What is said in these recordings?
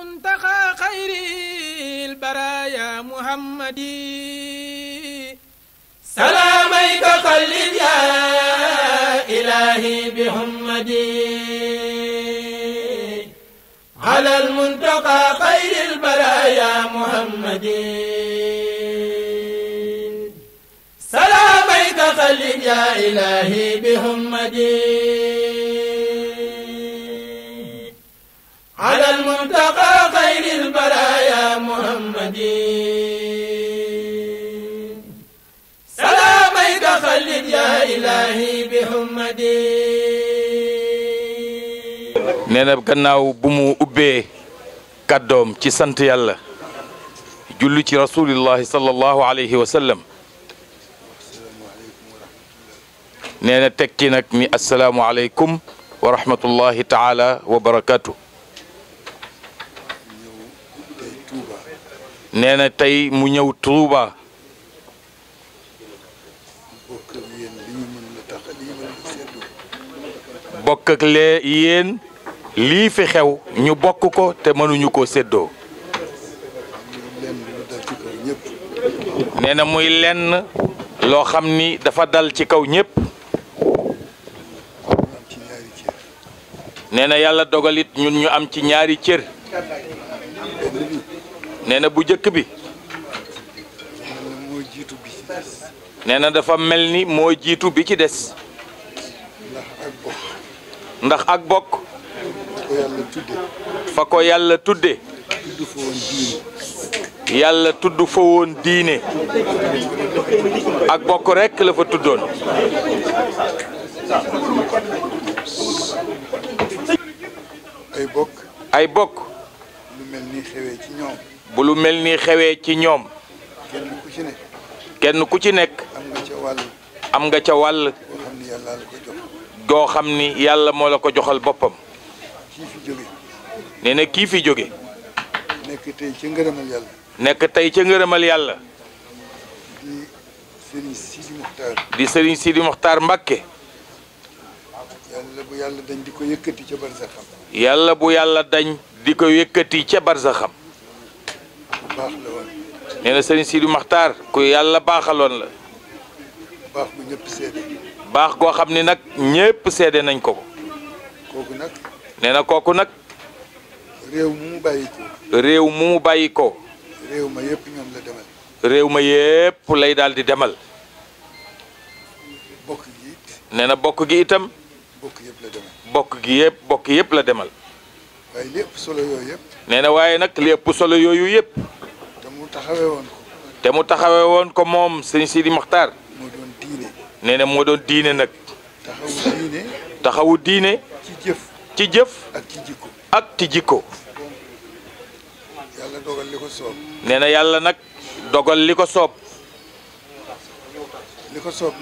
منتقى خير البرايا محمدي سلاميك قلب يا إلهي بحمدي على المنتقى خير البرايا محمدي سلاميك قلب يا إلهي بحمدي ilaahi bi Muhammadi nee na gannaaw bu mu ubbee kàddoom ci sant yàlla julli ci rasulillahi sallallahu alayhi wa sallam nee na teg ci nag mi asalaamu aleykum wa rahmatullahi taala wa mu ñëw bokk lee yéen lii fi xew ñu bokk ko te mënuñu ko séddoo nee na muy lenn loo xam ni dafa dal ci kaw ñépp nee na yàlla dogalit ñun ñu am ci ñaari cër nee na bu jëkk bi nee na dafa mel ni moo jiitu bi ci des ndax ak bokk fa ko yàlla tudde yàlla tudd fa woon diine ak bokk rekk la fa tuddoon ay bokk lu mel ni mel ni xewee ci ñoom kenn ku ci nekk am nga ca wàll goo xam ni yàlla moo la ko joxal boppam nee na kii fi jóge nekk tey ca ngërëmal yàlla nekk tey ca ngërëmal yàlla di sëriñ Sidi Mokhtar di sëriñ Mbàkke yàlla bu yàlla dañ di ko yëkkati ca barsaxam yàlla bu yàlla dañ di ko yëkkati ca barsaxam ku baax la woon nee na sëriñ Sidi Mokhtar ku yàlla baaxaloon la baax goo xam ni nag ñépp seede nañ ko ko kooku nag nee na kooku nag réew mu mu bàyyi ko réew mu mu bàyyi ko réew ma yépp ñoom la demal réew ma yépp lay daal di demal bokk na bokk gi itam bokk yépp la demal gi yépp yépp la demal waaye na waaye nag lépp solo yooyu yépp te mu taxawe woon ko te mu taxawee woon ko moom sëñ Sidi Mokhtar nee na moo doon diine nag. taxawu diine. taxawu ci jëf. ci ak ci jikko. ak ci jikko. yàlla li ko soob. nee na yàlla nag dogal li ko soob. li ko soob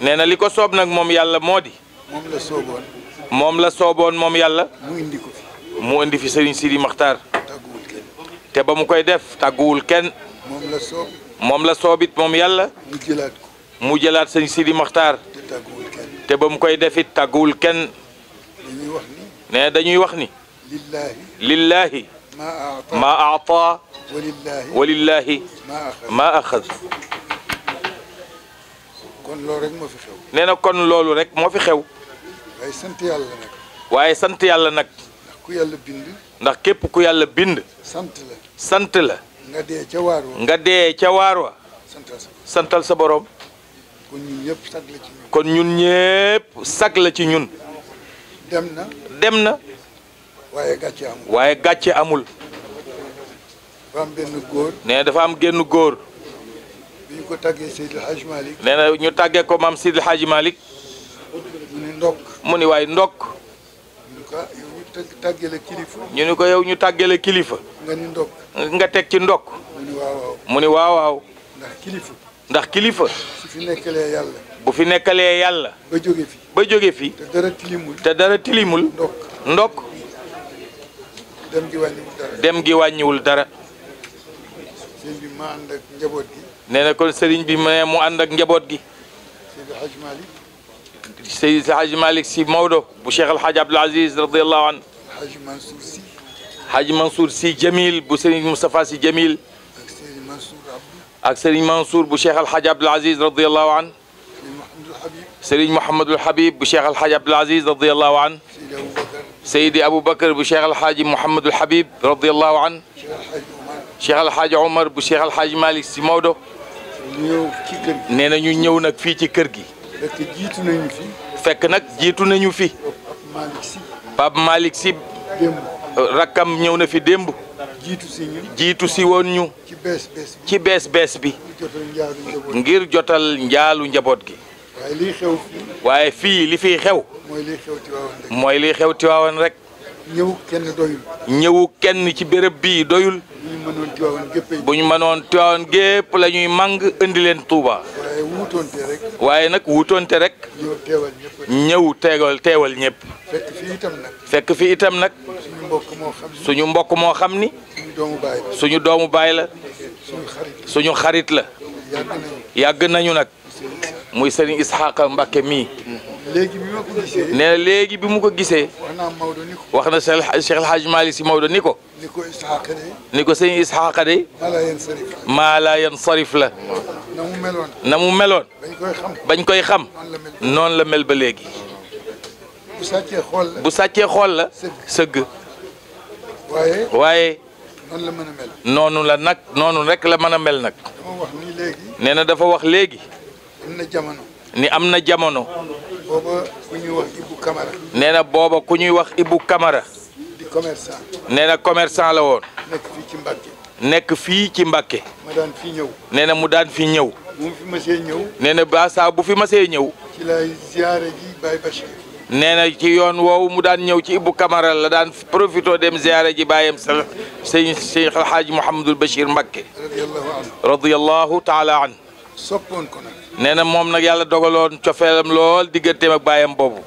nee na li ko soob nag moom yàlla moo di. moom la sooboon. moom la sooboon moom yàlla. mu indi ko fi. mu indi fi Serigne Sidi Maxtaar. te ba mu koy def tàgguwul kenn. moom la moom la soobit moom yàlla. mu jëlaat sëñ Sidi Maxtaar te ba mu koy defit tàgguwul kenn ne dañuy wax ni lillaahi maa aata walillaahi maa axad nee na kon loolu rek moo fi xew waaye sant yàlla nag ku yàlla bind ndax képp ku yàlla bind sant la sant la nga dee ca waar wa nga santal sa boroom kon ñun ñëpp sag la ci ñun. kon la ci ñun. dem na dem na. waaye gàcce amul waaye gàcce amul. dafa am benn góor. nee dafa am genn góor. bi ko tàggee Seydi El nee ñu tàggee ko maam Seydi El Hadj mu ni ndokk mu ni waay ndokk. ñu ah, tàggee ni ko yow ñu tàggee la kilifa. nga teg ci ndokk. mu ni waaw waaw ndax kilifa. fi nekkalee yàlla. bu fi nekkalee yàlla. ba jóge fi ba jóge fi. te dara tilimul te dara tilimul. ndokk ndokk. dem gi wàññiwul dara dem gi wàññiwul dara. sëriñ bi ma ànd ak njaboot gi. nee na kon sëriñ bi ma mu ànd ak njaboot gi. Seydi Hadj Malick. Seydi Hadj Malick si Maodo bu Cheikh El Hadj Abdoul Aziz radiyallahu anhu. Hadj Mansour si. Hadj Mansour si Jamil bu sëriñ Moustapha si Jamil. ak sëriñ Mansour Abdou. ak Serigne Mansour bu Cheikh Al Hadj Abdoul Aziz radiyallahu an Serigne Mouhamadul Habib bu Cheikh Al Hadj Abdoul Aziz radiyallahu an Seydi Aboubacar bu Cheikh Al Hadj Mouhamadul Habib radiyallahu an Cheikh Al Hadj Omar bu Cheikh Al Hadj Malick si Maodo. nee na ñu ñëw nag fii ci kër gi. fekk jiitu nañu fi. fekk nag jiitu nañu fi. Pape Malick si. rakkam ñëw na fi démb. jiitu si ñu woon ñu ci bees bees ci bi ngir jotal njaalu njaboot gi waaye fii li fiy xew mooy liy xew Tiwaawan rek mooy ñëwu kenn ci béréb bi doyul bu ñu mënoon Tiwaawan gépp lañuy màng indi leen Tuuba waaye wuutoonte rek waaye wuutoonte rek ñëw teewal teewal ñëpp fekk fi itam nag fekk suñu mbokk moo xam ni suñu doomu baay la suñu xarit la yàgg nañu nag muy sëriñ Isxaaqa Mbàkke mii nee léegi bi mu ko gisee wax na Cheikh El Hadj Malick si Maodo ni ko ni ko sëriñ Isxaaqa de maa laa yan sarif la na mu meloon bañ koy xam noonu la mel ba léegi bu sàccee xool la sëg waaye noonu la mën a mel. noonu la nag noonu rek la mën a mel nag. dama nee na dafa wax léegi. jamono. ni am na jamono. booba nee na booba ku ñuy wax ibu kamara di commerçant. nee na commerçant la woon. nekk fii ci Mbacké. nekk fii daan fi ñëw. nee na mu daan fi ñëw. bu fi ñëw. nee na ba bu fi mësee ñëw. ci la nee na ci yoon woowu mu daan ñëw ci Ibou Camara la daan profité dem ziyaare ji bàyyam sa sëñ Cheikh El Hadj Mouhamadul Bachir Mbacké taala an soppoon ko nee na moom nag yàlla dogaloon cofeelam lool digganteem ak baayam boobu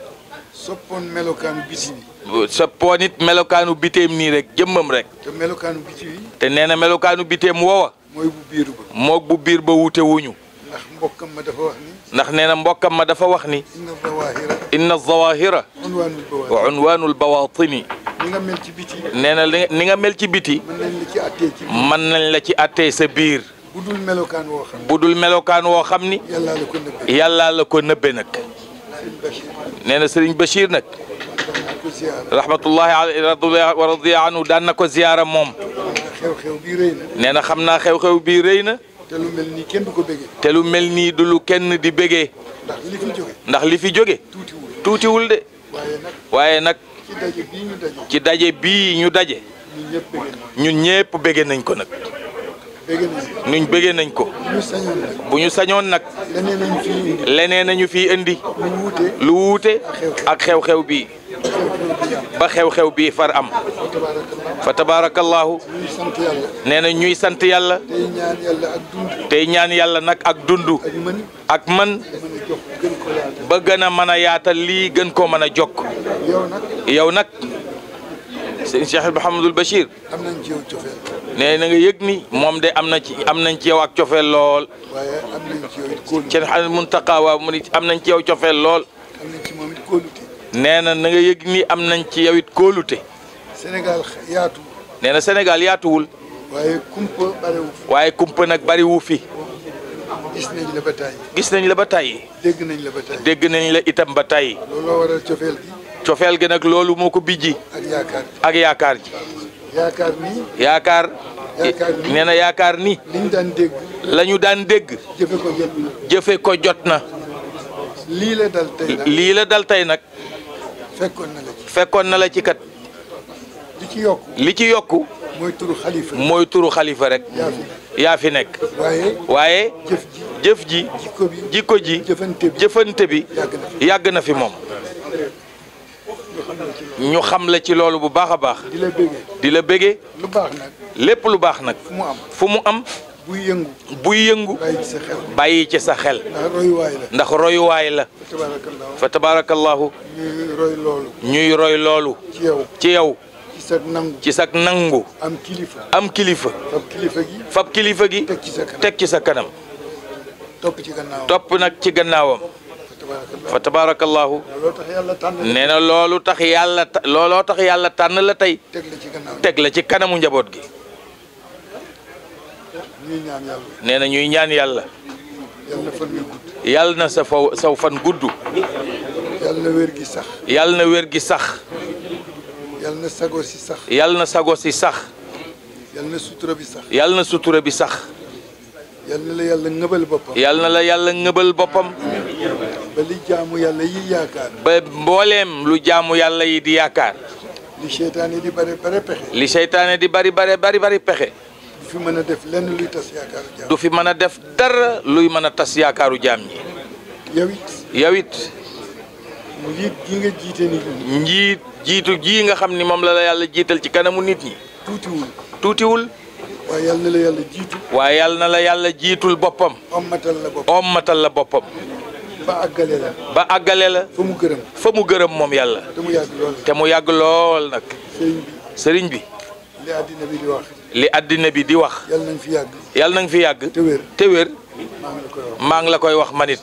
soppoon melokaanu biti nii melokaanu biteem nii rek jëmmam rek te melokaanu nee na melokaanu biteem woowa mooy biir ba moog bu biir ba wuute wuñu ndax mbokkam ma dafa wax ni. ndax nee na mbokkam ma dafa wax ni. inna zawahira. inna zawahira. wa unwaanul bawaatini. ni nga mel ci biti. nee na ni nga mel ci biti. mën nañ la ci attee ci biir. mën nañ la ci attee sa biir. budul melokaan woo xam. budul melokaan woo xam ni. yàllaa la ko nëbbee. yàllaa la ko nëbbee nag. nee na Serigne Bachir nag. rahmatullahi alayhi wa radiya anhu daan na ko ziyaara moom. nee na xam naa xew-xew bii rëy na. te lu mel ni kenn du ko bëggee. te lu mel nii du kenn di bëggee. ndax li fi jóge. tuutiwul tuutiwul de. waaye nag ci daje bii ñu daje. ci daje ñu daje. ñun nañ ko nag. nuñ bëgge nañ ko. bu ñu sañoon nag. leneen nañu fi indi. lu wuute. ak xew-xew bii. ba xew-xew bii far am fa tabaarakallaahu nee na ñuy sant yàlla tey ñaan yàlla nag ak dund ak man ba gën a mën a yaatal lii gën koo mën a jok yow nag sëñ Cheikh Mouhamadul Bachir nee na nga yëg ni moom de am na ci am nañ ci yow ak cofeel lool seen xarit Muntaqa waaw mu ni am nañ ci yow cofeel lool. nee na na nga yëg ni am nañ ci yow it kóolute. Sénégal yaatuwul. nee na Sénégal yaatuwul. waaye kumpa bariwu nag bariwu fi. gis nañ la ba tàyyi. dégg nañ la nañ la itam ba tàyyi. looloo cofeel gi. cofeel nag loolu moo ko bijji. ak yaakaar ji ak yaakaar ji. yaakaar nii. yaakaar. yaakaar daan dégg. la jëfe ko jot na. jëfe lii la dal tey nag dal tey nag. fekkoon na la ci fekkoon na la ci kat. li ci yokku li ci yokku. mooy turu xalifa mooy turu xalifa rek. yaa fi nekk. waaye. waaye jëf ji jikko ji jikko jëfante bi yàgg na fi moom. ñu xam la ci loolu bu baax a baax. di la bëggee di lu baax nag lépp lu baax nag. mu am fu mu am. buy yëngu. buy yëngu. ci sa xel. ndax royuwaay la. fa tabaarakallaahu ñuy roy loolu. ci yow ci ci sag nangu ci am kilifa am kilifa. fab kilifa gi teg ci sa kanam teg ci sa topp nag ci gannaawam. fa tabaarakallaahu nee loolu tax yàlla tànn la tey. teg la ci kanamu njaboot gi. ñuy ñaan yàlla. nee na ñuy ñaan yàlla. yàlla na fan wi gudd. yàlla na sa faw saw fan gudd. yàlla na wér gi sax. yàlla na wér gi sax. yàlla na sago si sax. yàlla na sago si sax. yàlla na sutura bi sax. yàlla na sutura bi sax. yàlla na la yàlla ngëbal boppam. yàlla na la yàlla ngëbal boppam. ba li jaamu yàlla yi yaakaar. ba mbooleem lu jaamu yàlla yi di yaakaar. li seytaane di bari bari pexe. li seytaane di bari bari bari bari pexe. du fi mën a def lenn fi mën a def dara luy mën a tas yaakaaru jaam ñi. yow it njiit nga jiite nit jiitu ji nga xam ni moom la la yàlla jiital ci kanamu nit ñi. tuutiwul tuutiwul. waaye yàlla na la yàlla waaye yàlla na la yàlla jiitul boppam. ommatal la boppam la boppam. ba àggale la. fa mu gërëm moom yàlla. te mu yàgg lool te mu yàgg lool nag. sëriñ bi sëriñ bi. li addina bi di wax. yàlla na nga fi yàgg. yàlla na nga fi yàgg. te wér te maa ngi la koy wax manit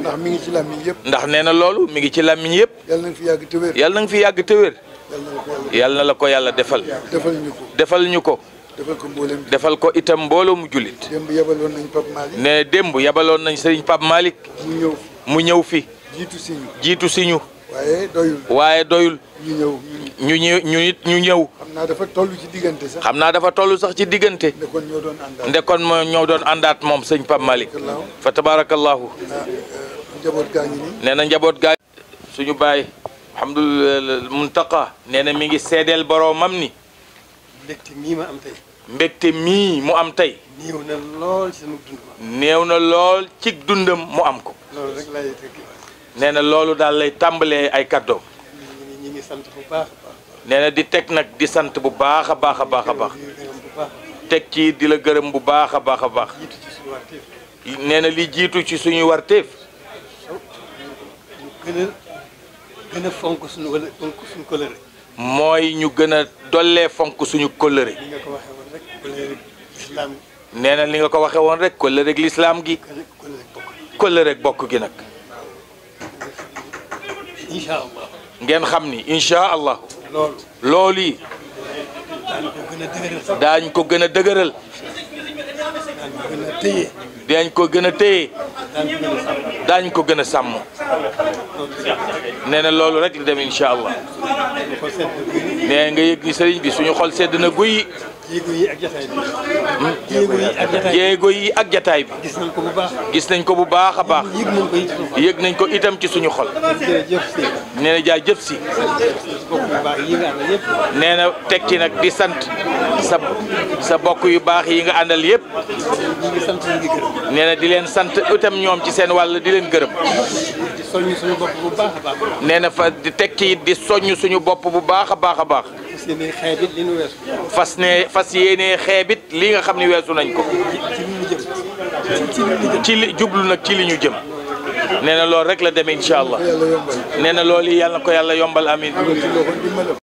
ndax mi ngi ci yëpp. ndax nee na loolu mi ngi ci làmmiñ yëpp. yàlla na fi yàgg te wér. yàlla na fi yàgg te wér. yàlla la ko yàlla defal. defal ñu ko defal ñu ko. defal ko mboolem defal ko itam mbooloo mu jullit. démb yabaloon nañ Pape Malick. ne démb yabaloon nañ Serigne Pape Malick. mu mu ñëw fi. jiitu si ñu jiitu waaye doyul ñu ñu ñu it ñu ñëw. xam naa dafa toll ci diggante sax. xam naa dafa toll sax ci diggante. ndekoon ñoo doon àndaat ndekoon ñoo doon àndaat moom sëñ Pape Malick. fa tabaarakallaahu. Euh, njaboot gaa nee na njaboot gaa suñu baay alhamdulillah muntaqa nee na mi ngi seedeel boroomam ni. mbégte mii ma am tey. mbégte mii mu am tey. néew na lool ci dundam. na lool ci dundam mu am ko. loolu na loolu daal lay tàmbalee ay kàddoom. nee na di teg nag di sant bu baax a baax a baax a baax teg ci di la gërëm bu baax a baax a baax nee na li jiitu ci suñuy warteef suñu wala fonk suñu mooy ñu gën a dollee fonk suñu kóllëre nee na li nga ko waxee woon rek kóllëre ak lislaam gi kóllëre ak bokk gi nag. ngeen xam ni incha allah. loolu yi daañ ko gën a dëgëral daañ ko gën a téye daañ ko gën a sàmm nee na loolu rek la dem incha allah nee nga yëg ni sëriñ bi suñu xol sedd na guyi yéego yi ak jataay bi. yi ak jataay bi. gis nañ ko bu baax. gis nañ ko bu baax a baax. yëg nañ ko itam ci suñu xol. nee na jaajëf si. nee na teg ci nag di sant sa sa bokk yu baax yi nga àndal yëpp. nee na di leen sant itam ñoom ci seen wàll di leen gërëm. nee na fa di teg ci di soññ suñu bopp bu baax a baax a baax. yéene xeebit li fas ne fas yéene xeebit li nga xam ni weesu nañ ko. ci li jublu nag ci li ñu jëm. nee na loolu rek la demee incha allah nee na loolu yàlla na ko yàlla yombal amin